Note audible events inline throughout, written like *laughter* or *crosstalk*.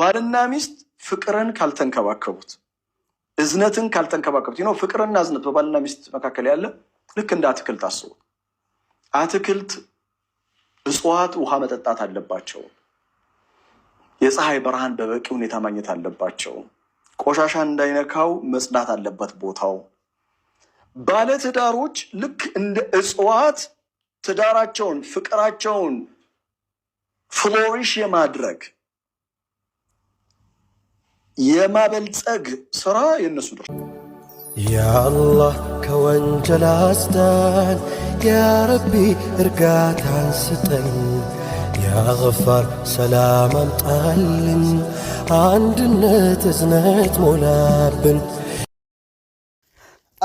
ባልና ሚስት ፍቅርን ካልተንከባከቡት፣ እዝነትን ካልተንከባከቡት ነው። ፍቅርና እዝነት በባልና ሚስት መካከል ያለ ልክ እንደ አትክልት አስቡ። አትክልት እጽዋት ውሃ መጠጣት አለባቸው። የፀሐይ ብርሃን በበቂ ሁኔታ ማግኘት አለባቸው። ቆሻሻ እንዳይነካው መጽዳት አለበት ቦታው። ባለትዳሮች ልክ እንደ እጽዋት ትዳራቸውን፣ ፍቅራቸውን ፍሎሪሽ የማድረግ የማበልጸግ ስራ የነሱ ድር ያአላህ ከወንጀል አስዳን፣ ያረቢ እርጋታን ስጠን፣ ያገፋር ሰላም አምጣልን፣ አንድነት እዝነት ሞላብን።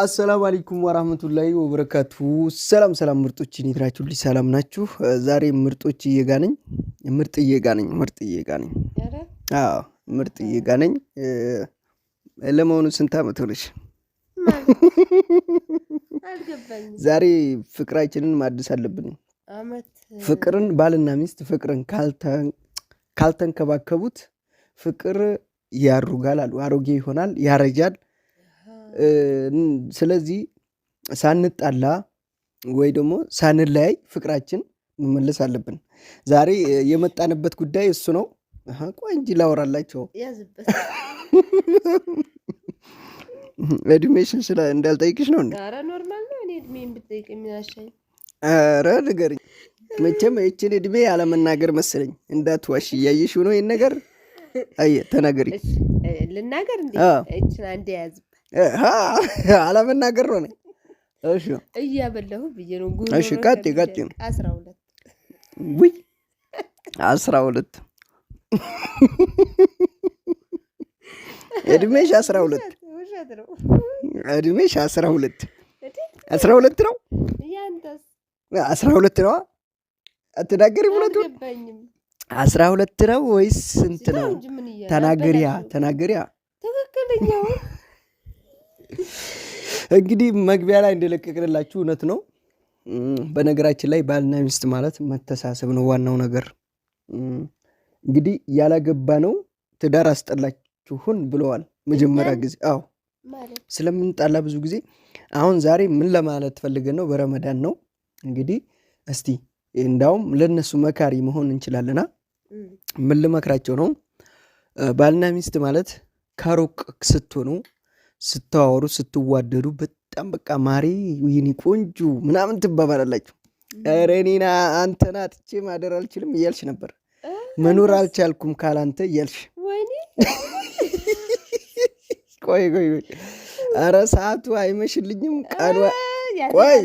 አሰላሙ አለይኩም ወራህመቱላሂ ወበረካቱ። ሰላም ሰላም ምርጦች ኒትራችሁ ልጅ ሰላም ናችሁ? ዛሬ ምርጦች እየጋነኝ ምርጥ እየጋነኝ ምርጥ እየጋነኝ ምርጥ ጋነኝ ለመሆኑ ስንት አመት ሆነች ዛሬ ፍቅራችንን ማደስ አለብን። ፍቅርን ባልና ሚስት ፍቅርን ካልተንከባከቡት ፍቅር ያሩጋል አሉ፣ አሮጌ ይሆናል፣ ያረጃል። ስለዚህ ሳንጣላ ወይ ደግሞ ሳንለያይ ፍቅራችን መመለስ አለብን። ዛሬ የመጣንበት ጉዳይ እሱ ነው። ቆይ እንጂ ላወራላቸው እድሜሽን ስለ እንዳልጠይቅሽ ነው። ኧረ ንገሪኝ። መቼም ይችን እድሜ ያለመናገር መሰለኝ። እንዳትዋሽ እያየሽ ነው ይህን ነገር አየ ተናገሪ። ልናገር አንድ አለመናገር እሺ ብዬ ነው። እሺ ቀጤ ቀጤ ነው። ውይ አስራ ሁለት እድሜሽ አስራ ሁለት እድሜሽ አስራ ሁለት አስራ ሁለት ነው አስራ ሁለት ነዋ። አትናገሪ እውነቱን። አስራ ሁለት ነው ወይስ ስንት ነው? ተናገሪያ ተናገሪያ። *laughs* እንግዲህ መግቢያ ላይ እንደለቀቅንላችሁ እውነት ነው። በነገራችን ላይ ባልና ሚስት ማለት መተሳሰብ ነው ዋናው ነገር። እንግዲህ ያላገባ ነው ትዳር አስጠላችሁን ብለዋል። መጀመሪያ ጊዜ አዎ፣ ስለምንጣላ ብዙ ጊዜ አሁን ዛሬ ምን ለማለት ፈልገን ነው? በረመዳን ነው እንግዲህ። እስቲ እንዳውም ለነሱ መካሪ መሆን እንችላለና ምን ልመክራቸው ነው? ባልና ሚስት ማለት ከሩቅ ስትሆኑ ስታወሩ፣ ስትዋደዱ በጣም በቃ ማሬ ይህኒ ቆንጆ ምናምን ትባባላላችሁ። ረኔና አንተና ጥቼ ማደር አልችልም እያልሽ ነበር መኖር አልቻልኩም ካላንተ እያልሽ ቆይ ቆይ ቆይ፣ ኧረ ሰዓቱ አይመሽልኝም፣ ቀኑ ቆይ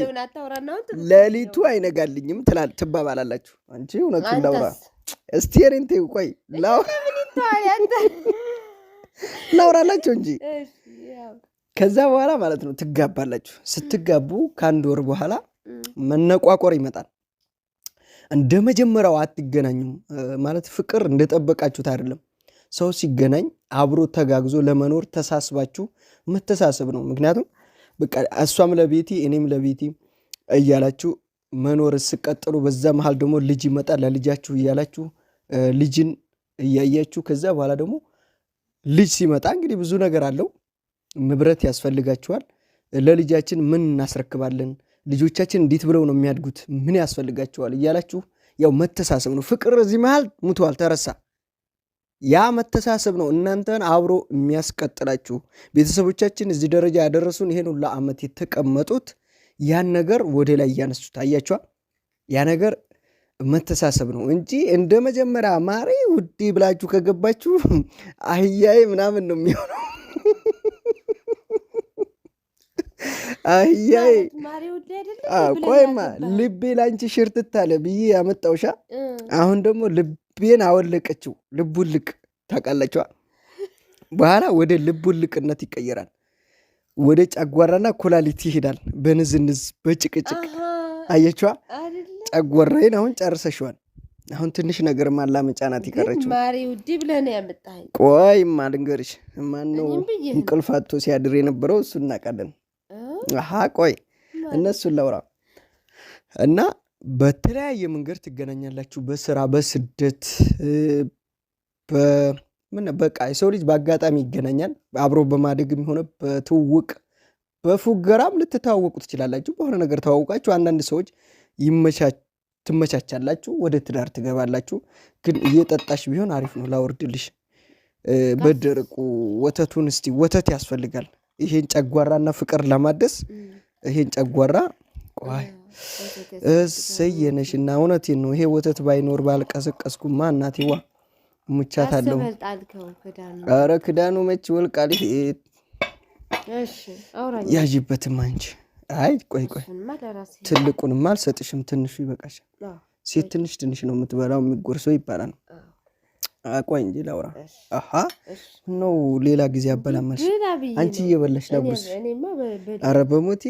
ሌሊቱ አይነጋልኝም ትላል ትባባላላችሁ። አንቺ እውነቱ ላውራ እስቲ የእኔን ተይው፣ ቆይ ላውራላችሁ እንጂ ከዛ በኋላ ማለት ነው ትጋባላችሁ። ስትጋቡ ከአንድ ወር በኋላ መነቋቆር ይመጣል። እንደ መጀመሪያው አትገናኙም ማለት ፍቅር እንደጠበቃችሁት አይደለም። ሰው ሲገናኝ አብሮ ተጋግዞ ለመኖር ተሳስባችሁ መተሳሰብ ነው። ምክንያቱም በቃ እሷም ለቤቲ እኔም ለቤቲ እያላችሁ መኖር ስቀጥሉ፣ በዛ መሀል ደግሞ ልጅ ይመጣል። ለልጃችሁ እያላችሁ ልጅን እያያችሁ ከዛ በኋላ ደግሞ ልጅ ሲመጣ እንግዲህ ብዙ ነገር አለው። ንብረት ያስፈልጋችኋል። ለልጃችን ምን እናስረክባለን ልጆቻችን እንዴት ብለው ነው የሚያድጉት? ምን ያስፈልጋቸዋል? እያላችሁ ያው መተሳሰብ ነው። ፍቅር እዚህ መሃል ሙቷል፣ ተረሳ። ያ መተሳሰብ ነው እናንተን አብሮ የሚያስቀጥላችሁ። ቤተሰቦቻችን እዚህ ደረጃ ያደረሱን ይሄን ሁላ ዓመት የተቀመጡት ያን ነገር ወደ ላይ እያነሱት አያችኋል። ያ ነገር መተሳሰብ ነው እንጂ እንደ መጀመሪያ ማሬ ውዴ ብላችሁ ከገባችሁ አህያዬ ምናምን ነው የሚሆነው። አህያዬ ቆይማ ልቤ ላንቺ ሽርትት አለ ብዬ ያመጣውሻ አሁን ደግሞ ልቤን አወለቀችው። ልቡልቅ ታውቃላችኋ። በኋላ ወደ ልቡልቅነት ይቀየራል። ወደ ጨጓራና ኩላሊት ይሄዳል። በንዝንዝ በጭቅጭቅ አየችዋ። ጨጓራዬን አሁን ጨርሰሽዋል። አሁን ትንሽ ነገር ማላ መጫናት የቀረችው። ማሪ ውድ ብለህ ነው ቆይ ማልንገርሽ ማነው እንቅልፍ አጥቶ ሲያድር የነበረው እሱ እናውቃለን። ቆይ እነሱን ለውራ እና በተለያየ መንገድ ትገናኛላችሁ። በስራ በስደት በቃ የሰው ልጅ በአጋጣሚ ይገናኛል። አብሮ በማደግም የሚሆነ በትውውቅ በፉገራም ልትተዋወቁ ትችላላችሁ። በሆነ ነገር ተዋውቃችሁ አንዳንድ ሰዎች ትመቻቻላችሁ፣ ወደ ትዳር ትገባላችሁ። ግን እየጠጣሽ ቢሆን አሪፍ ነው። ላወርድልሽ በደረቁ ወተቱን እስቲ ወተት ያስፈልጋል። ይሄን ጨጓራና ፍቅር ለማደስ ይሄን ጨጓራ ቆይ እሰየ ነሽና፣ ነው። ይሄ ወተት ባይኖር ባልቀሰቀስኩማ እናቴዋ ሙቻት አለው። ኧረ ክዳኑ መች ወልቃል። ያዥበትም አንቺ። አይ ቆይ ቆይ፣ ትልቁንማ አልሰጥሽም፣ ትንሹ ይበቃሻል። ሴት ትንሽ ትንሽ ነው የምትበላው የሚጎርሰው ይባላል። ቆይ እንጂ ላውራ። አሀ ነው ሌላ ጊዜ አበላመልሽ። አንቺ እየበላሽ ዳቦስ? አረ በሞቴ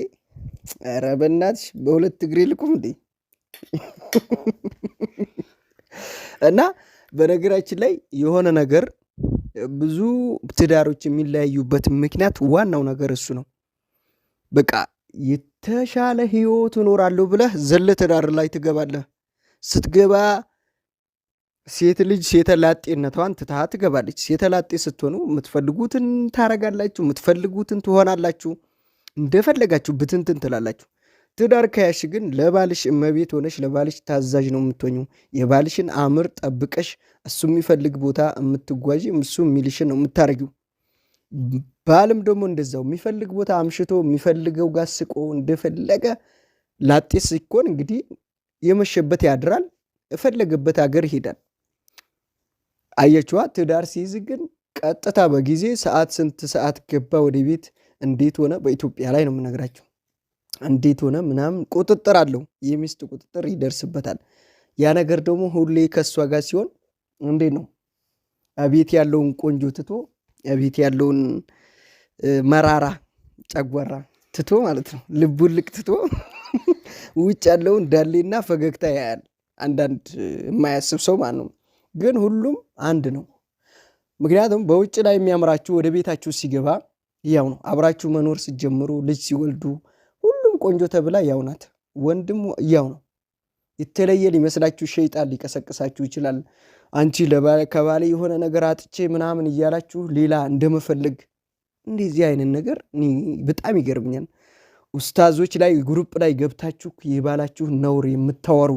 አረ በእናትሽ በሁለት እግሬ ልቁም እንዴ! እና በነገራችን ላይ የሆነ ነገር ብዙ ትዳሮች የሚለያዩበት ምክንያት ዋናው ነገር እሱ ነው። በቃ የተሻለ ህይወት እኖራለሁ ብለህ ዘለ ትዳር ላይ ትገባለህ። ስትገባ ሴት ልጅ ሴተላጤነቷን ትታ ትገባለች። ሴተላጤ ስትሆኑ የምትፈልጉትን ታረጋላችሁ፣ የምትፈልጉትን ትሆናላችሁ፣ እንደፈለጋችሁ ብትንትን ትላላችሁ። ትዳር ከያሽ ግን ለባልሽ እመቤት ሆነሽ ለባልሽ ታዛዥ ነው የምትሆኙ። የባልሽን አምር ጠብቀሽ እሱ የሚፈልግ ቦታ የምትጓዥ፣ እሱ የሚልሽን ነው የምታረጊው። ባልም ደግሞ እንደዛው የሚፈልግ ቦታ አምሽቶ የሚፈልገው ጋር ስቆ እንደፈለገ ላጤ ሲኮን እንግዲህ የመሸበት ያድራል፣ የፈለገበት ሀገር ይሄዳል። አየችዋ። ትዳር ሲይዝ ግን ቀጥታ በጊዜ ሰዓት ስንት ሰዓት ገባ ወደ ቤት እንዴት ሆነ፣ በኢትዮጵያ ላይ ነው የምነግራቸው። እንዴት ሆነ ምናምን ቁጥጥር አለው፣ የሚስት ቁጥጥር ይደርስበታል። ያ ነገር ደግሞ ሁሌ ከእሷ ጋር ሲሆን እንዴት ነው ቤት ያለውን ቆንጆ ትቶ ቤት ያለውን መራራ ጨጓራ ትቶ ማለት ነው ልቡን ልቅ ትቶ ውጭ ያለውን ዳሌና ፈገግታ ያያል። አንዳንድ የማያስብ ሰው ማነው ግን ሁሉም አንድ ነው። ምክንያቱም በውጭ ላይ የሚያምራችሁ ወደ ቤታችሁ ሲገባ ያው ነው። አብራችሁ መኖር ሲጀምሩ፣ ልጅ ሲወልዱ፣ ሁሉም ቆንጆ ተብላ ያው ናት። ወንድም ያው ነው። የተለየ ሊመስላችሁ ሸይጣን ሊቀሰቅሳችሁ ይችላል። አንቺ ከባሌ የሆነ ነገር አጥቼ ምናምን እያላችሁ ሌላ እንደመፈለግ እንደዚህ አይነት ነገር በጣም ይገርምኛል። ኡስታዞች ላይ ግሩፕ ላይ ገብታችሁ የባላችሁ ነውር የምታወሩ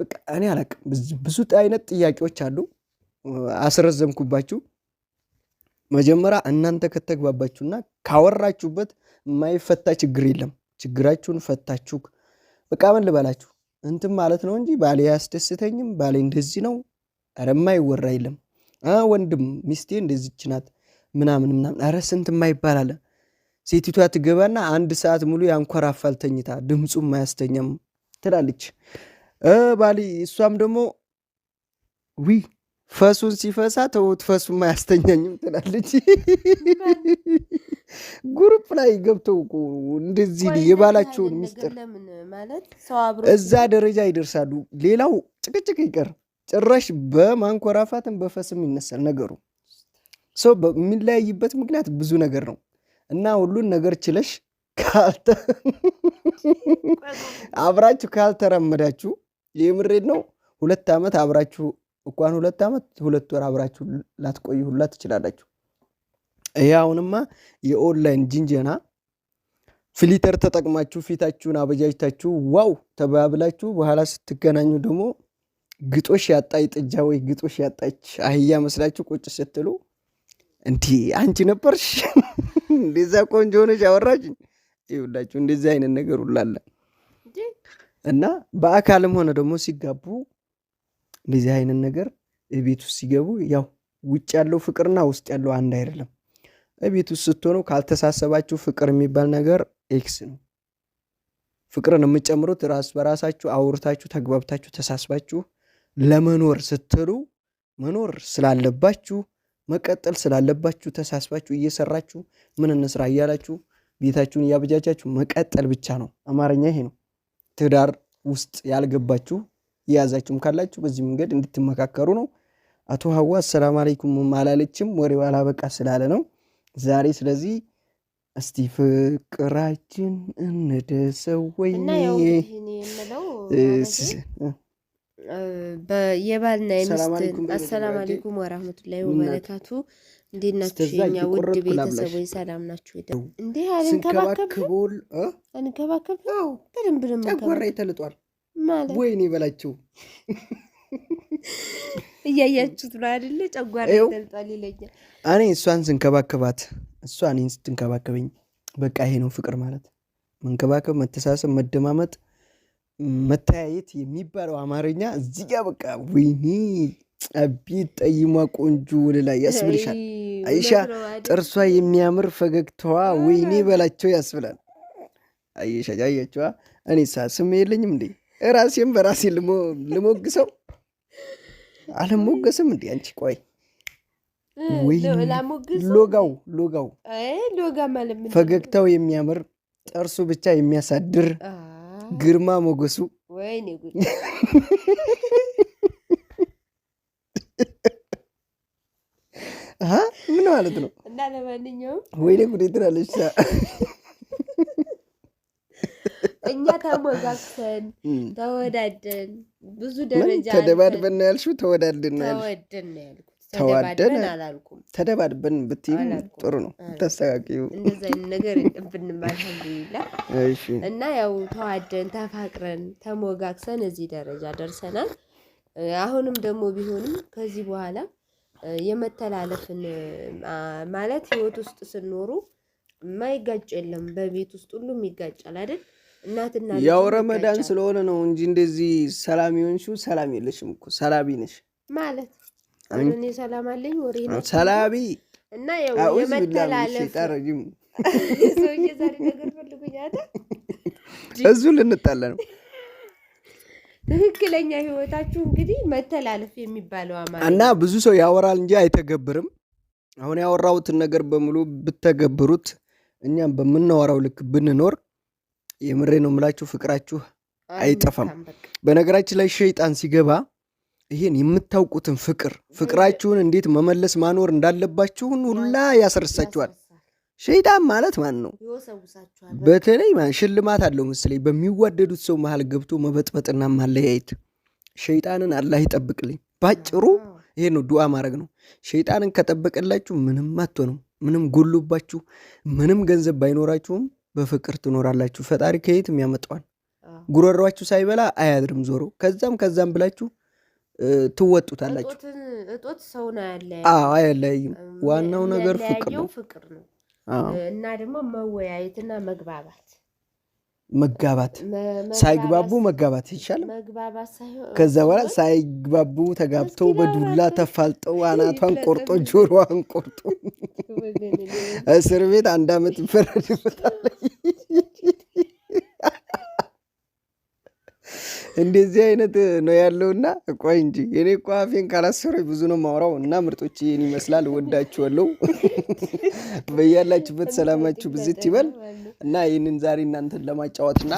በቃ እኔ አላቅም። ብዙ አይነት ጥያቄዎች አሉ። አስረዘምኩባችሁ። መጀመሪያ እናንተ ከተግባባችሁና ካወራችሁበት የማይፈታ ችግር የለም። ችግራችሁን ፈታችሁ በቃ ምን ልበላችሁ እንትን ማለት ነው እንጂ ባሌ አያስደስተኝም፣ ባሌ እንደዚህ ነው፣ ኧረ የማይወራ የለም። ወንድም ሚስቴ እንደዚች ናት ምናምን ምናምን፣ ኧረ ስንት የማይባላለ ሴቲቷ ትገባና አንድ ሰዓት ሙሉ ያንኮራፋል ተኝታ ድምፁ የማያስተኛም ትላለች። ባሊ እሷም ደግሞ ዊ ፈሱን ሲፈሳ ተውት ፈሱም አያስተኛኝም ትላለች። *laughs* ጉሩፕ ላይ ገብተው እንደዚህ የባላቸውን ሚስጥር እዛ ደረጃ ይደርሳሉ። ሌላው ጭቅጭቅ ይቀር ጭራሽ በማንኮራፋትን በፈስም ይነሳል ነገሩ። ሰው የሚለያይበት ምክንያት ብዙ ነገር ነው እና ሁሉን ነገር ችለሽ ካልተ አብራችሁ ካልተራመዳችሁ የምሬድ ነው። ሁለት ዓመት አብራችሁ እንኳን ሁለት ዓመት ሁለት ወር አብራችሁ ላትቆዩ ሁላ ትችላላችሁ። ይህ አሁንማ የኦንላይን ጅንጀና ፊሊተር ተጠቅማችሁ ፊታችሁን አበጃጅታችሁ ዋው ተባብላችሁ በኋላ ስትገናኙ ደግሞ ግጦሽ ያጣይ ጥጃ ወይ ግጦሽ ያጣች አህያ መስላችሁ ቁጭ ስትሉ እንዲ አንቺ ነበርሽ እንደዛ ቆንጆ ሆነሽ አወራች ይውላችሁ እንደዚህ አይነት ነገር ሁላለን። እና በአካልም ሆነ ደግሞ ሲጋቡ እንደዚህ አይነት ነገር ቤት ውስጥ ሲገቡ ያው ውጭ ያለው ፍቅርና ውስጥ ያለው አንድ አይደለም። ቤት ውስጥ ስትሆኑ ካልተሳሰባችሁ ፍቅር የሚባል ነገር ኤክስ ነው። ፍቅርን የምትጨምሩት ራስ በራሳችሁ አውርታችሁ ተግባብታችሁ ተሳስባችሁ ለመኖር ስትሉ መኖር ስላለባችሁ መቀጠል ስላለባችሁ ተሳስባችሁ እየሰራችሁ ምን እንስራ እያላችሁ ቤታችሁን እያበጃጃችሁ መቀጠል ብቻ ነው። አማርኛ ይሄ ነው። ትዳር ውስጥ ያልገባችሁ የያዛችሁም ካላችሁ በዚህ መንገድ እንድትመካከሩ ነው። አቶ ሀዋ አሰላም አለይኩም አላለችም፣ ወሬው አላበቃ ስላለ ነው ዛሬ። ስለዚህ እስቲ ፍቅራችን እንደሰው ወይ የባልና አሰላም አለይኩም ወራህመቱላሂ ወበረካቱ እንዴት ናችሁ? የኛ ውድ ቤተሰቦች ሰላም ናችሁ? ደ እንዴ አልንከባከብክቦል አንከባከብ በደንብ ነው ጨጓራ ተልጧል ማለት ወይኔ ይበላችሁ። *laughs* እያያችሁት ነው አይደለ? ጨጓራ ተልጧል ይለኛል። እኔ እሷን ስንከባከባት እሷ እኔን ስትንከባከበኝ በቃ ይሄ ነው ፍቅር ማለት መንከባከብ፣ መተሳሰብ፣ መደማመጥ፣ መተያየት የሚባለው አማርኛ እዚህ ጋ በቃ ወይኔ ጸቢ ጠይሟ ቆንጆ ላይ ያስብልሻል። አይሻ ጥርሷ የሚያምር ፈገግታዋ ወይኔ በላቸው ያስብላል። አይሻ ያያቸዋ እኔ ስም የለኝም እንዴ ራሴም በራሴ ልሞግሰው አለሞገስም እንዴ አንቺ ቆይ ሎጋው ሎጋው ፈገግታው የሚያምር ጥርሱ ብቻ የሚያሳድር ግርማ ሞገሱ *laughs* ምን ማለት ነው? እና ለማንኛውም ወይኔ ጉዴ ትላለች። እኛ ተሞጋግሰን ተወዳደን ብዙ ደረጃ ተደባድበን ነው ያልሽው? ተወዳድን ነው ተወድን ተዋደን አላልኩም። ተደባድበን ብትይም ጥሩ ነው ታስተካክዩ። ነገር ብንም እና ያው ተዋደን ተፋቅረን ተሞጋግሰን እዚህ ደረጃ ደርሰናል። አሁንም ደግሞ ቢሆንም ከዚህ በኋላ የመተላለፍን ማለት ህይወት ውስጥ ስኖሩ የማይጋጭ የለም። በቤት ውስጥ ሁሉም ይጋጫል አይደል? እናትና ያው ረመዳን ስለሆነ ነው እንጂ እንደዚህ ሰላም የሆንሽው ሰላም የለሽም እኮ ሰላቢ ነሽ ማለት እኔ ሰላም አለኝ ወሬ ሰላቢ እና የመተላለፍ *laughs* ሰውዬ ዛሬ ነገር ፈልጉኝ አይደል? እዚሁ ነው። ትክክለኛ ህይወታችሁ እንግዲህ መተላለፍ የሚባለው አማ እና ብዙ ሰው ያወራል እንጂ አይተገብርም። አሁን ያወራሁትን ነገር በሙሉ ብተገብሩት፣ እኛም በምናወራው ልክ ብንኖር፣ የምሬ ነው የምላችሁ ፍቅራችሁ አይጠፋም። በነገራችን ላይ ሸይጣን ሲገባ ይሄን የምታውቁትን ፍቅር ፍቅራችሁን እንዴት መመለስ ማኖር እንዳለባችሁን ሁላ ያስረሳችኋል። ሸይጣን ማለት ማን ነው? በተለይ ማን ሽልማት አለው መሰለኝ። በሚዋደዱት ሰው መሃል ገብቶ መበጥበጥና ማለያየት ሸይጣንን አላህ ይጠብቅልኝ። ባጭሩ ይሄ ነው ዱዓ ማድረግ ነው። ሸይጣንን ከጠበቀላችሁ ምንም ነው ምንም ጎሎባችሁ፣ ምንም ገንዘብ ባይኖራችሁም በፍቅር ትኖራላችሁ። ፈጣሪ ከየትም ያመጣዋል። ጉረሯችሁ ሳይበላ አያድርም ዞሮ። ከዛም ከዛም ብላችሁ ትወጡታላችሁ። አዎ አያለያይም። ዋናው ነገር ፍቅር ነው። እና ደግሞ መወያየትና መግባባት መጋባት ሳይግባቡ መጋባት ይቻላል። ከዛ በኋላ ሳይግባቡ ተጋብተው በዱላ ተፋልጠው *laughs* አናቷን ቆርጦ ጆሮዋን ቆርጦ እስር ቤት አንድ ዓመት ይፈረድበታል። እንደዚህ አይነት ነው ያለውእና ቆይ እንጂ እኔ እኮ አፌን ካላሰረች ብዙ ነው ማውራው። እና ምርጦች ይህን ይመስላል። ወዳችኋለሁ። በያላችሁበት ሰላማችሁ ብዝት ይበል እና ይህንን ዛሬ እናንተን ለማጫወትና